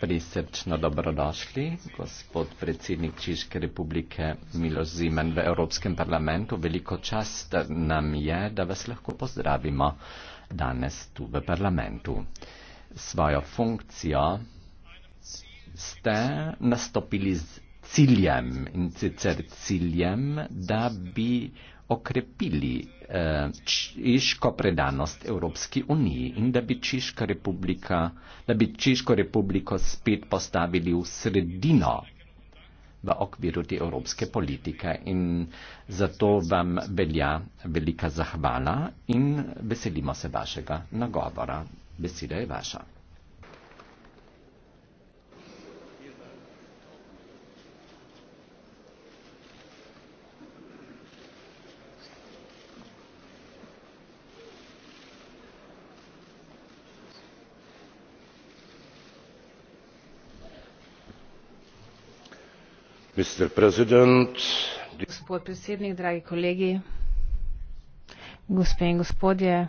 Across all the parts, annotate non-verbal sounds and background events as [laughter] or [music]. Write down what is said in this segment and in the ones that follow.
Prisrčno dobrodošli, gospod predsednik Češke republike Miloš Zimen v Evropskem parlamentu. Veliko čast nam je, da vas lahko pozdravimo danes tu v parlamentu. Svojo funkcijo ste nastopili z ciljem in sicer ciljem, da bi okrepili eh, češko predanost Evropski uniji in da bi, da bi Češko republiko spet postavili v sredino v okviru te evropske politike. In zato vam velja velika zahvala in veselimo se vašega nagovora. Beseda je vaša. gospod predsednik dragi kolegi gospe in gospodje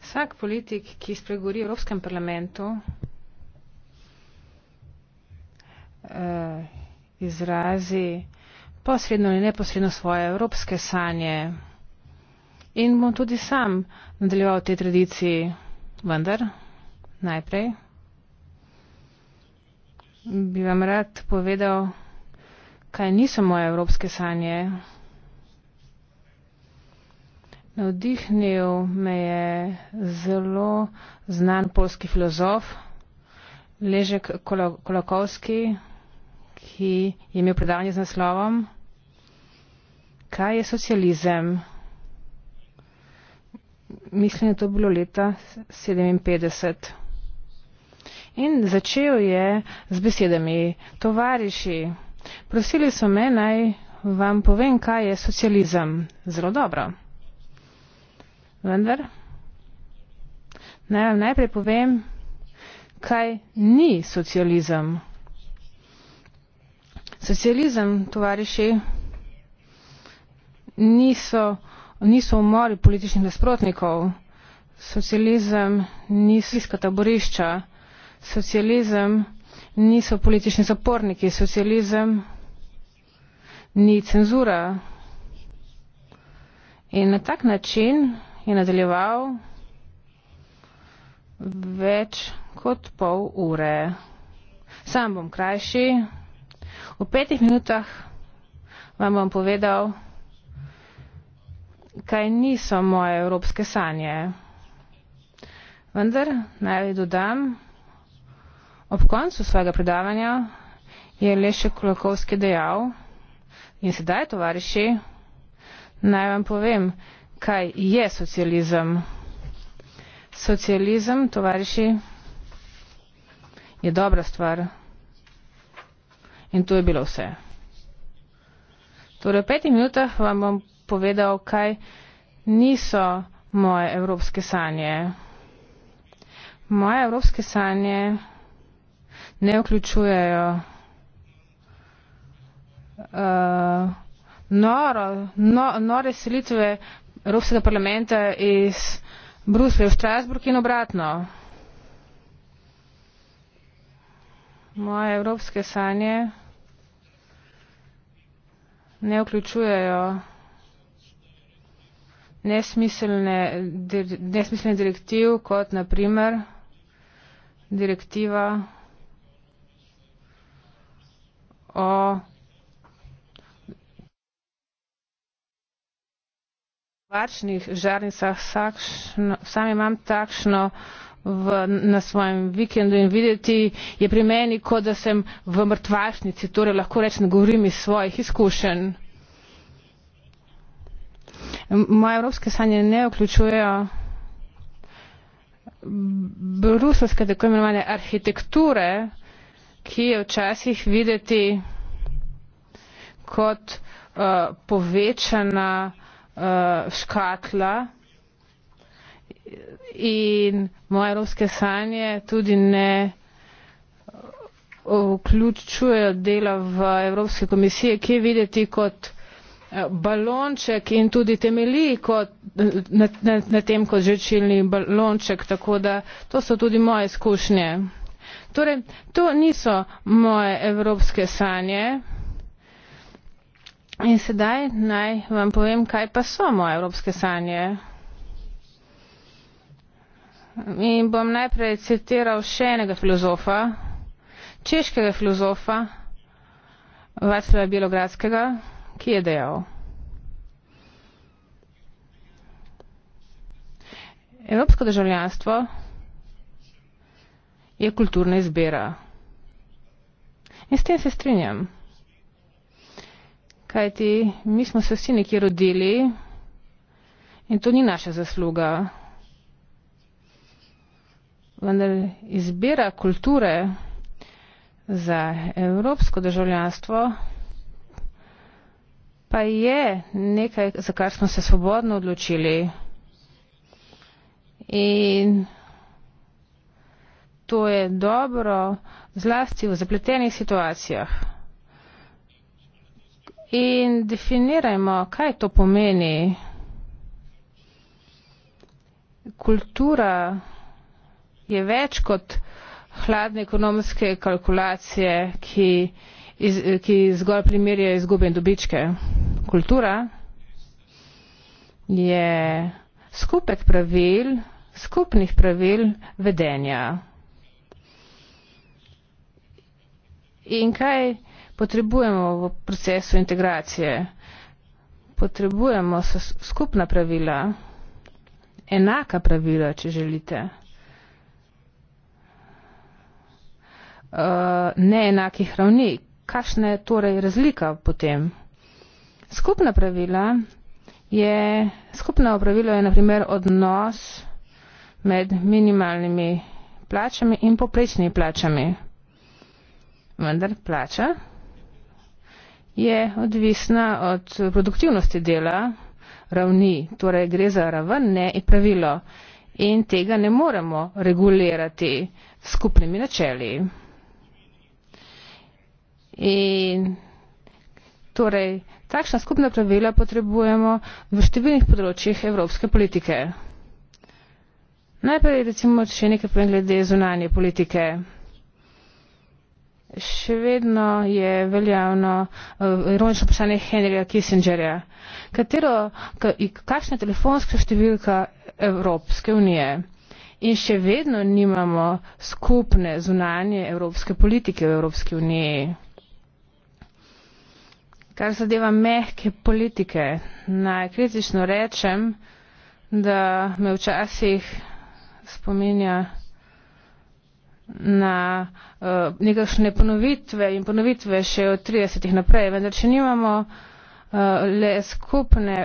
vsak politik ki spregovori v evropskem parlamentu eh, izrazi posredno ali neposredno svoje evropske sanje in bom tudi sam nadaljeval v tej tradiciji vendar najprej bi vam rad povedal, kaj niso moje evropske sanje. Navdihnil me je zelo znan polski filozof Ležek Kolakovski, ki je imel predavanje z naslovom Kaj je socializem? Mislim, da je to bilo leta 1957. In začel je z besedami, tovariši, prosili so me, naj vam povem, kaj je socializem. Zelo dobro. Vendar, naj vam najprej povem, kaj ni socializem. Socializem, tovariši, niso, niso umori političnih nasprotnikov. Socializem niso iskata borišča socializem niso politični zaporniki, socializem ni cenzura. In na tak način je nadaljeval več kot pol ure. Sam bom krajši. V petih minutah vam bom povedal, kaj niso moje evropske sanje. Vendar naj dodam, Ob koncu svojega predavanja je Lešek Kulakovski dejal in sedaj, tovariši, naj vam povem, kaj je socializem. Socializem, tovariši, je dobra stvar. In to je bilo vse. Torej, v petih minutah vam bom povedal, kaj niso moje evropske sanje. Moje evropske sanje ne vključujejo. Uh, noro, no, nore selitve Evropskega parlamenta iz Bruslja v Strasburg in obratno. Moje evropske sanje ne vključujejo nesmiselne, dir, nesmiselne direktiv, kot naprimer direktiva o. Varčnih žarnicah, sakšno, sam imam takšno v, na svojem vikendu in videti je pri meni, kot da sem v mrtvašnici, torej lahko rečem, govorim iz svojih izkušenj. Moje evropske sanje ne vključujejo bruselske tako imenovane arhitekture, ki je včasih videti kot uh, povečana uh, škatla in moje evropske sanje tudi ne eh, vključujejo dela v Evropske komisije, ki je videti kot balonček in tudi temelji kot, na, na, na tem kot žečilni balonček, tako da to so tudi moje izkušnje torej to niso moje evropske sanje in sedaj naj vam povem kaj pa so moje evropske sanje in bom najprej citiral še enega filozofa češkega filozofa Vaclava Bielogradskega ki je dejal Evropsko državljanstvo je kulturna izbira. In s tem se strinjam. Kajti, mi smo se vsi nekje rodili in to ni naša zasluga. Vendar izbira kulture za evropsko državljanstvo pa je nekaj, za kar smo se svobodno odločili. In to je dobro zlasti v zapletenih situacijah. In definirajmo, kaj to pomeni. Kultura je več kot hladne ekonomske kalkulacije, ki, iz, ki zgolj primerjajo izgube in dobičke. Kultura je skupek pravil, skupnih pravil vedenja. in kaj potrebujemo v procesu integracije. Potrebujemo skupna pravila, enaka pravila, če želite. Uh, neenakih ravni. Kakšna je torej razlika potem? Skupna pravila je, skupno pravilo je naprimer odnos med minimalnimi plačami in poprečnimi plačami vendar plača je odvisna od produktivnosti dela, ravni, torej gre za raven, ne in pravilo. In tega ne moremo regulirati skupnimi načeli. In torej, takšna skupna pravila potrebujemo v številnih področjih evropske politike. Najprej recimo še nekaj povem glede zunanje politike še vedno je veljavno uh, ironično vprašanje Henrija Kissingerja. Katero, kakšna je telefonska številka Evropske unije? In še vedno nimamo skupne zunanje evropske politike v Evropski uniji. Kar zadeva mehke politike, naj kritično rečem, da me včasih spominja na uh, nekakšne ponovitve in ponovitve še od 30-ih naprej. Vendar, če nimamo uh, le skupne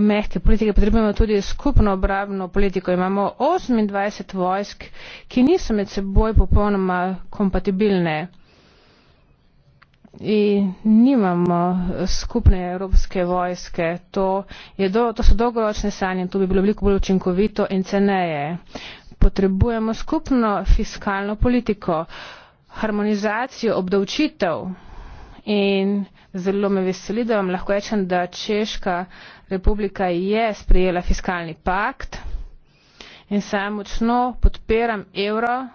mehke politike, potrebujemo tudi skupno obrabno politiko. Imamo 28 vojsk, ki niso med seboj popolnoma kompatibilne. In nimamo eh, skupne evropske vojske. To, do, to so dolgoročne sanje, to bi bilo veliko bolj učinkovito in ceneje potrebujemo skupno fiskalno politiko, harmonizacijo obdavčitev. In zelo me veseli, da vam lahko rečem, da Češka republika je sprejela fiskalni pakt in saj močno podpiram evro.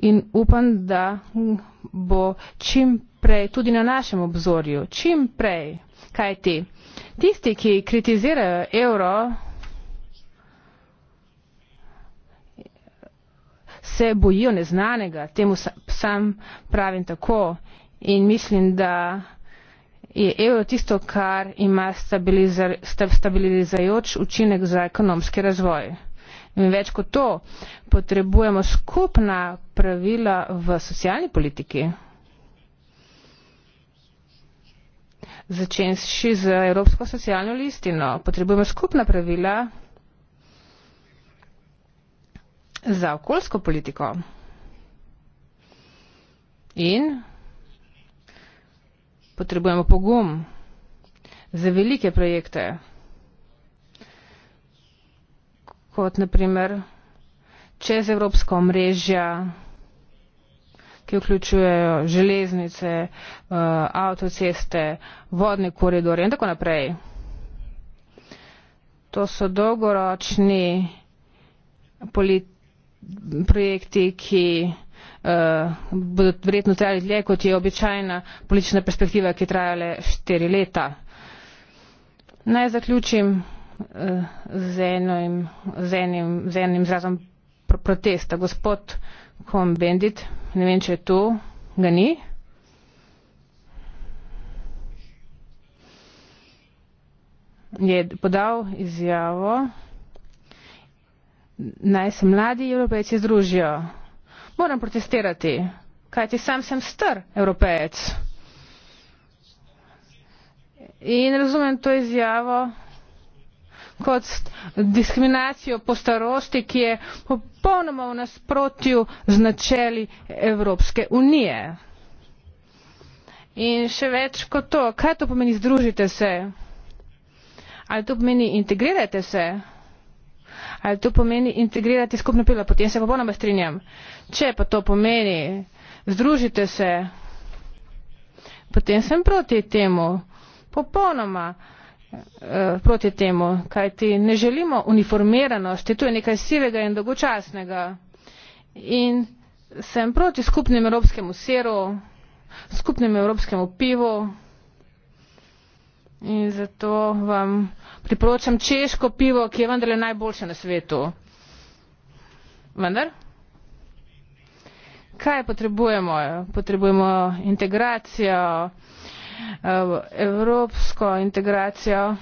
In upam, da bo čim prej tudi na našem obzorju, čim prej. Kaj ti? Tisti, ki kritizirajo evro, se bojijo neznanega, temu sam pravim tako in mislim, da je evro tisto, kar ima stabilizar, stabilizajoč učinek za ekonomski razvoj. In več kot to, potrebujemo skupna pravila v socialni politiki. začenši z Evropsko socialno listino. Potrebujemo skupna pravila za okoljsko politiko in potrebujemo pogum za velike projekte, kot naprimer čez Evropsko mrežja ki vključujejo železnice, eh, avtoceste, vodne koridore in tako naprej. To so dolgoročni projekti, ki eh, bodo verjetno trajali dlje, kot je običajna politična perspektiva, ki je trajala štiri leta. Naj zaključim eh, z enim, z enim, z enim zrazom protesta. Gospod Kom Bendit, ne vem, če je tu, ga ni. Je podal izjavo, naj se mladi evropejci združijo. Moram protestirati, kajti sam sem star evropejec. In razumem to izjavo, kot diskriminacijo po starosti ki je popolnoma v nasprotju z načeli evropske unije. in še več kot to kaj to pomeni združite se ali to pomeni integrirajte se ali to pomeni integrirati skupno pilo potem se popolnoma strinjam če pa to pomeni združite se potem sem proti temu popolnoma Eh, proti temu, kajti ne želimo uniformiranosti, tu je nekaj sivega in dolgočasnega. In sem proti skupnemu evropskemu seru, skupnemu evropskemu pivu in zato vam priporočam češko pivo, ki je vendarle najboljše na svetu. Vendar? Kaj potrebujemo? Potrebujemo integracijo. Eh, evropsko integracijo,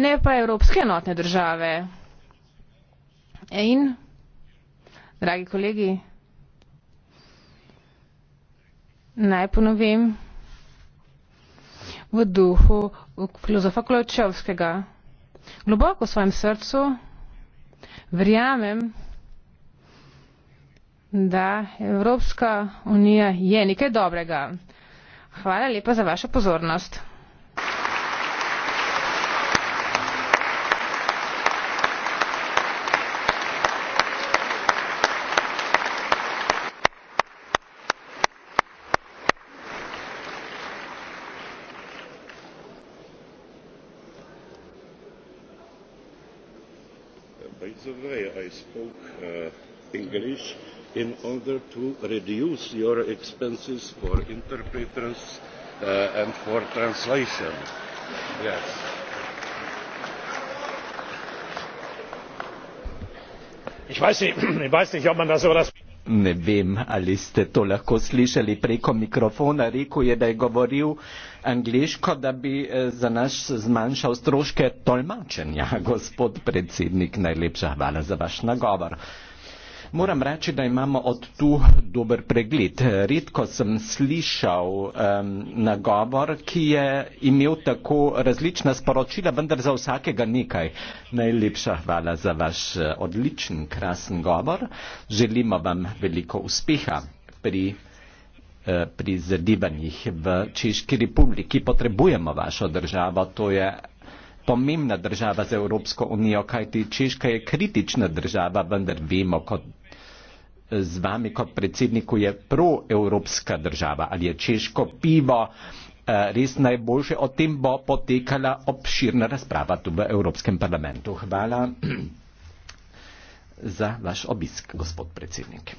ne pa evropske enotne države. In, dragi kolegi, naj ponovim v duhu filozofa Kločevskega. Globoko v svojem srcu verjamem, da Evropska unija je nekaj dobrega. Hvala lepa za vašo pozornost. Uh, English in order to reduce your expenses for interpreters uh, and for translation. Yes. Ich weiß nicht, [clears throat] ich weiß nicht ob man das so das Ne vem, ali ste to lahko slišali preko mikrofona, rekel je, da je govoril angliško, da bi eh, za naš zmanjšal stroške tolmačenja. [laughs] Gospod predsednik, najlepša hvala za vaš nagovor moram reči da imamo od tu dober pregled redko sem slišal um, nagovor ki je imel tako različna sporočila vendar za vsakega nekaj najlepša hvala za vaš eh, odličen krasen govor želimo vam veliko uspeha pri eh, pri zadevanjih v Češki republiki. Potrebujemo vašo državo, to je pomembna država za Evropsko unijo, kajti Češka je kritična država, vendar vemo, kot z vami kot predsedniku je proevropska država, ali je češko pivo eh, res najboljše, o tem bo potekala obširna razprava tu v Evropskem parlamentu. Hvala [clears throat] za vaš obisk, gospod predsednik.